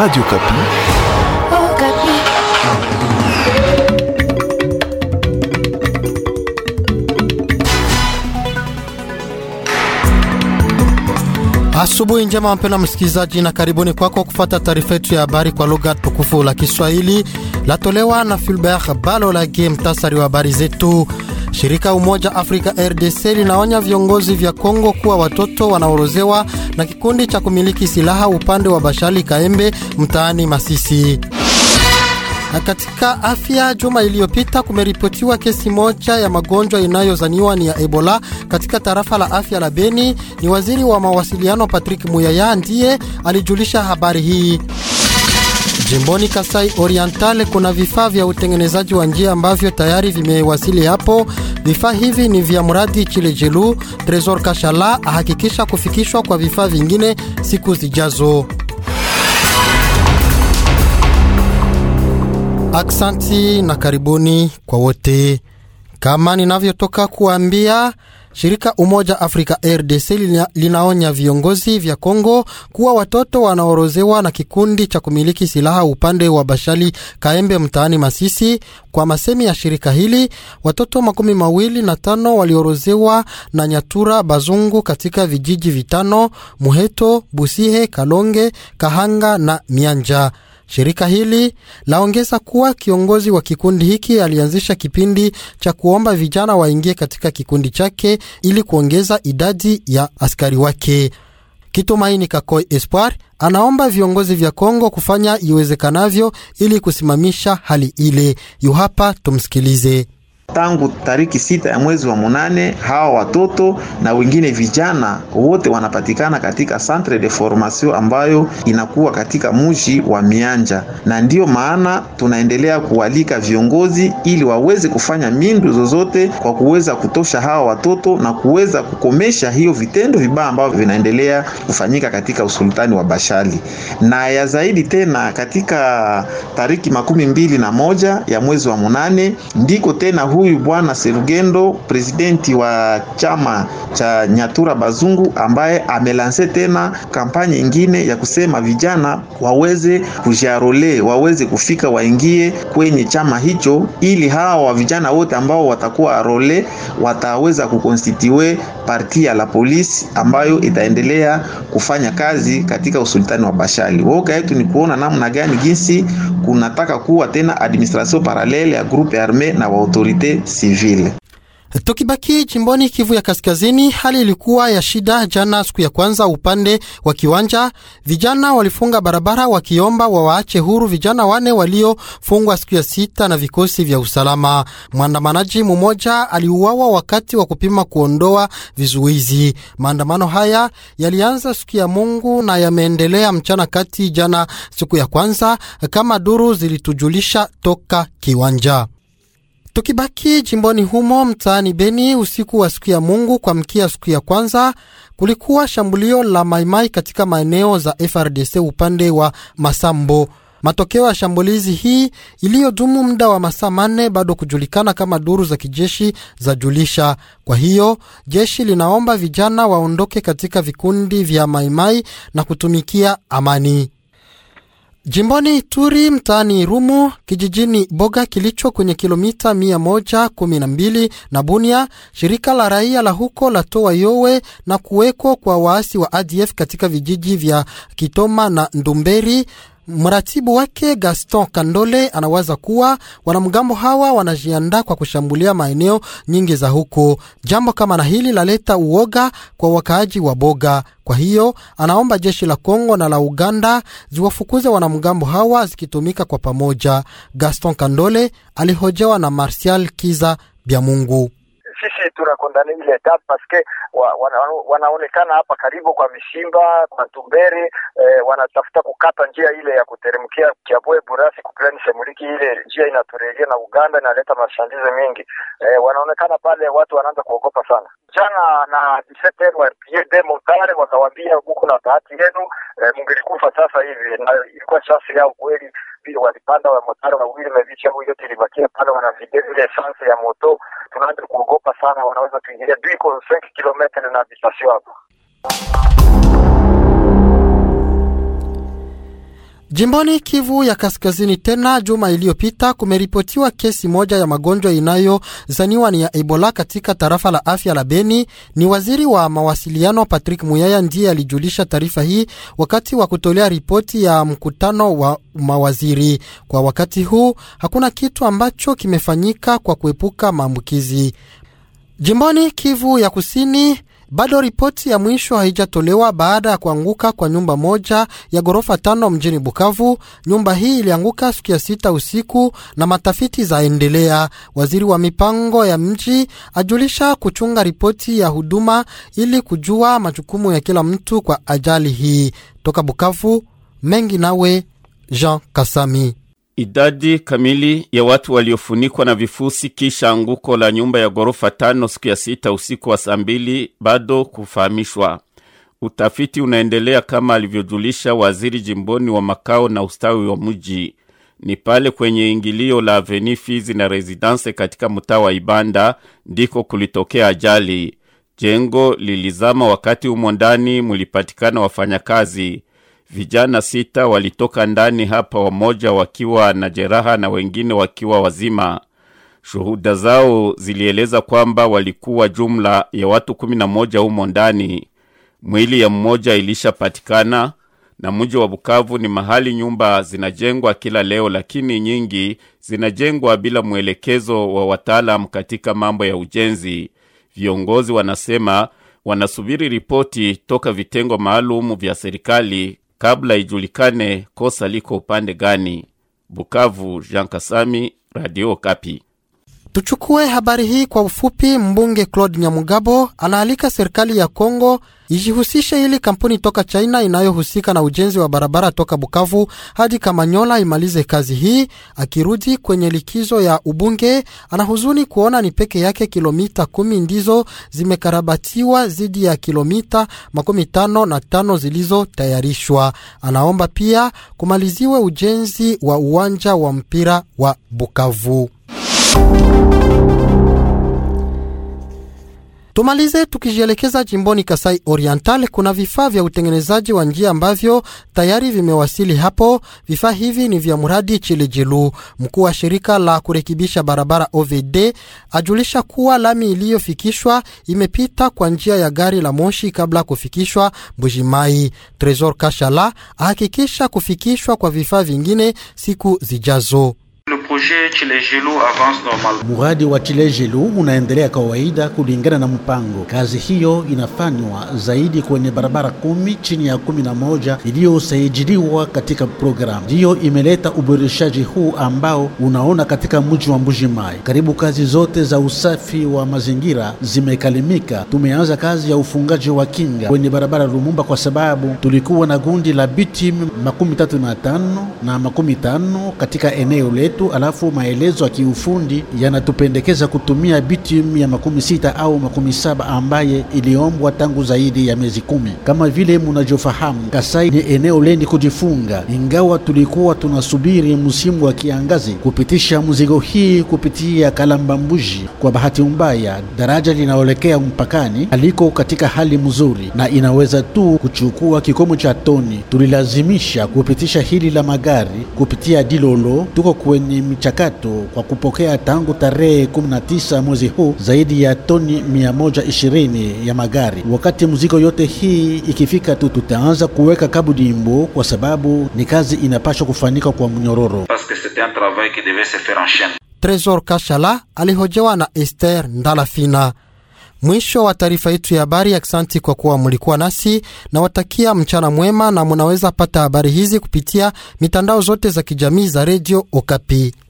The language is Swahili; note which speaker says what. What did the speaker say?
Speaker 1: Radio Kapi.
Speaker 2: Oh, Kapi.
Speaker 3: Asubuhi njema mpendwa msikilizaji, na karibuni kwako kufata taarifa yetu ya habari kwa lugha tukufu la Kiswahili latolewa na Fulbert Balolage, mtasari wa habari zetu. Shirika Umoja Afrika RDC linaonya viongozi vya Kongo kuwa watoto wanaorozewa na kikundi cha kumiliki silaha upande wa Bashali Kaembe mtaani Masisi. Na katika afya, juma iliyopita kumeripotiwa kesi moja ya magonjwa inayozaniwa ni ya Ebola katika tarafa la afya la Beni. Ni waziri wa mawasiliano Patrick Muyaya ndiye alijulisha habari hii. Jimboni Kasai Orientale kuna vifaa vya utengenezaji wa njia ambavyo tayari vimewasili hapo. Vifaa hivi ni vya mradi Chilejelu. Tresor Kashala ahakikisha kufikishwa kwa vifaa vingine siku zijazo. Aksanti na karibuni kwa wote. Kama ninavyotoka kuambia Shirika Umoja Afrika RDC linaonya viongozi vya Kongo kuwa watoto wanaorozewa na kikundi cha kumiliki silaha upande wa Bashali Kaembe mtaani Masisi. Kwa masemi ya shirika hili, watoto makumi mawili na tano waliorozewa na Nyatura Bazungu katika vijiji vitano Muheto, Busihe, Kalonge, Kahanga na Mianja. Shirika hili laongeza kuwa kiongozi wa kikundi hiki alianzisha kipindi cha kuomba vijana waingie katika kikundi chake ili kuongeza idadi ya askari wake. Kitumaini Kakoi Espoir anaomba viongozi vya Kongo kufanya iwezekanavyo ili kusimamisha hali ile. Yuhapa tumsikilize
Speaker 1: tangu tariki sita ya mwezi wa munane. Hawa watoto na wengine vijana wote wanapatikana katika centre de formation ambayo inakuwa katika muji wa Mianja, na ndiyo maana tunaendelea kualika viongozi ili waweze kufanya mindu zozote kwa kuweza kutosha hawa watoto na kuweza kukomesha hiyo vitendo vibaya ambavyo vinaendelea kufanyika katika usultani wa Bashali. Na ya zaidi tena katika tariki makumi mbili na moja ya mwezi wa munane ndiko tena huyu bwana Serugendo, presidenti wa chama cha Nyatura Bazungu, ambaye amelanse tena kampanye ingine ya kusema vijana waweze kujarole, waweze kufika waingie kwenye chama hicho, ili hawa wa vijana wote ambao watakuwa role wataweza kukonstitue parti ya la polisi ambayo itaendelea kufanya kazi katika usultani wa Bashali. Woka yetu ni kuona namna gani jinsi kunataka kuwa tena administration paralele ya groupe arme na wa autorite civile.
Speaker 3: Tukibaki jimboni Kivu ya Kaskazini, hali ilikuwa ya shida jana, siku ya kwanza upande wa Kiwanja. Vijana walifunga barabara wakiomba wawaache huru vijana wane waliofungwa siku ya sita na vikosi vya usalama. Mwandamanaji mmoja aliuawa wakati wa kupima kuondoa vizuizi. Maandamano haya yalianza siku ya Mungu na yameendelea mchana kati jana, siku ya kwanza, kama duru zilitujulisha toka Kiwanja. Tukibaki jimboni humo mtaani Beni, usiku wa siku ya Mungu kuamkia siku ya kwanza, kulikuwa shambulio la maimai katika maeneo za FRDC upande wa Masambo. Matokeo ya shambulizi hii iliyodumu muda wa masaa manne bado kujulikana kama duru za kijeshi za julisha. Kwa hiyo jeshi linaomba vijana waondoke katika vikundi vya maimai na kutumikia amani. Jimboni Turi mtaani Rumu kijijini Boga kilicho kwenye kilomita 112 na Bunia, shirika la raia la huko la toa yowe na kuweko kwa waasi wa ADF katika vijiji vya Kitoma na Ndumberi Mratibu wake Gaston Kandole anawaza kuwa wanamgambo hawa wanajiandaa kwa kushambulia maeneo nyingi za huko, jambo kama na hili laleta uoga kwa wakaaji wa Boga. Kwa hiyo anaomba jeshi la Kongo na la Uganda ziwafukuze wanamgambo hawa zikitumika kwa pamoja. Gaston Kandole alihojewa na Martial Kiza Bya Mungu
Speaker 1: sisi tunakondana ile tap paske wa, wana, wanaonekana hapa karibu kwa Mishimba kwa Tumbere eh, wanatafuta kukata njia ile ya kuteremkia Kiabwe Burasi kuplani Semuliki. Ile njia inaturejea na Uganda inaleta mashandizo mengi eh, wanaonekana pale watu wanaanza kuogopa sana. Jana na motare wakawambia huku na bahati yenu eh, mngelikufa sasa hivi, na ilikuwa shasi yao kweli pili walipanda wa motara wawili na vicha huyo tulibakia pale, wana videvile esanse ya moto. Tunaanza kuogopa sana, wanaweza tuingilia duiko 5 na bisasio hapa
Speaker 3: Jimboni Kivu ya Kaskazini, tena juma iliyopita kumeripotiwa kesi moja ya magonjwa inayozaniwa ni ya Ebola katika tarafa la afya la Beni. Ni waziri wa mawasiliano Patrick Muyaya ndiye alijulisha taarifa hii wakati wa kutolea ripoti ya mkutano wa mawaziri. Kwa wakati huu hakuna kitu ambacho kimefanyika kwa kuepuka maambukizi jimboni Kivu ya Kusini. Bado ripoti ya mwisho haijatolewa baada ya kuanguka kwa nyumba moja ya ghorofa tano mjini Bukavu. Nyumba hii ilianguka siku ya sita usiku na matafiti zaendelea. Waziri wa mipango ya mji ajulisha kuchunga ripoti ya huduma ili kujua majukumu ya kila mtu kwa ajali hii. Toka Bukavu, mengi nawe Jean Kasami.
Speaker 2: Idadi kamili ya watu waliofunikwa na vifusi kisha anguko la nyumba ya ghorofa tano siku ya sita usiku wa saa mbili bado kufahamishwa. Utafiti unaendelea kama alivyojulisha waziri jimboni wa makao na ustawi wa mji. Ni pale kwenye ingilio la Avenue Fizi na Residence katika mtaa wa Ibanda ndiko kulitokea ajali. Jengo lilizama, wakati humo ndani mulipatikana wafanyakazi. Vijana sita walitoka ndani hapa, wamoja wakiwa na jeraha na wengine wakiwa wazima. Shuhuda zao zilieleza kwamba walikuwa jumla ya watu kumi na moja humo ndani. Mwili ya mmoja ilishapatikana, na mji wa Bukavu ni mahali nyumba zinajengwa kila leo, lakini nyingi zinajengwa bila mwelekezo wa wataalamu katika mambo ya ujenzi. Viongozi wanasema wanasubiri ripoti toka vitengo maalum vya serikali kabla ijulikane kosa liko upande gani. Bukavu, Jean Kasami, Radio Kapi.
Speaker 3: Tuchukue habari hii kwa ufupi. Mbunge Claude Nyamugabo anaalika serikali ya Kongo ijihusishe ili kampuni toka China inayohusika na ujenzi wa barabara toka Bukavu hadi Kamanyola imalize kazi hii. Akirudi kwenye likizo ya ubunge, anahuzuni kuona ni peke yake kilomita kumi ndizo zimekarabatiwa zidi ya kilomita makumi tano na tano zilizotayarishwa. Anaomba pia kumaliziwe ujenzi wa uwanja wa mpira wa Bukavu. Tumalize tukijielekeza jimboni Kasai Oriental, kuna vifaa vya utengenezaji wa njia ambavyo tayari vimewasili hapo. Vifaa hivi ni vya mradi Chilijilu. Mkuu wa shirika la kurekebisha barabara OVD ajulisha kuwa lami iliyofikishwa imepita kwa njia ya gari la moshi kabla kufikishwa Mbujimai. Tresor Kashala ahakikisha kufikishwa kwa vifaa vingine siku zijazo projet Chilejelu avance normal. Muradi wa Chilejelu unaendelea kawaida kulingana
Speaker 4: na mpango. Kazi hiyo inafanywa zaidi kwenye barabara kumi chini ya kumi na moja iliyosajiliwa katika programu, ndiyo imeleta uboreshaji huu ambao unaona katika mji wa Mbuji Mai. Karibu kazi zote za usafi wa mazingira zimekalimika. Tumeanza kazi ya ufungaji wa kinga kwenye barabara Lumumba kwa sababu tulikuwa na gundi la bitim makumi tatu na tano na makumi tano katika eneo letu ala alafu maelezo ya kiufundi yanatupendekeza kutumia bitum ya makumi sita au makumi saba ambaye iliombwa tangu zaidi ya miezi kumi. Kama vile munavyofahamu, Kasai ni eneo lendi kujifunga, ingawa tulikuwa tunasubiri msimu wa kiangazi kupitisha mzigo hii kupitia Kalambambuji. Kwa bahati mbaya, daraja linaolekea mpakani aliko katika hali mzuri na inaweza tu kuchukua kikomo cha toni. Tulilazimisha kupitisha hili la magari kupitia Dilolo, tuko kwenye mchakato kwa kupokea tangu tarehe 19 mwezi huu zaidi ya toni 120 ya magari. Wakati mzigo yote hii ikifika tu, tutaanza kuweka kabudimbo, kwa sababu ni kazi inapaswa kufanyika kwa mnyororo.
Speaker 3: Tresor Kashala alihojewa na Esther Ndalafina. Mwisho wa taarifa yetu ya habari. Aksanti kwa kuwa mulikuwa nasi, nawatakia mchana mwema, na munaweza pata habari hizi kupitia mitandao zote za kijamii za redio Okapi.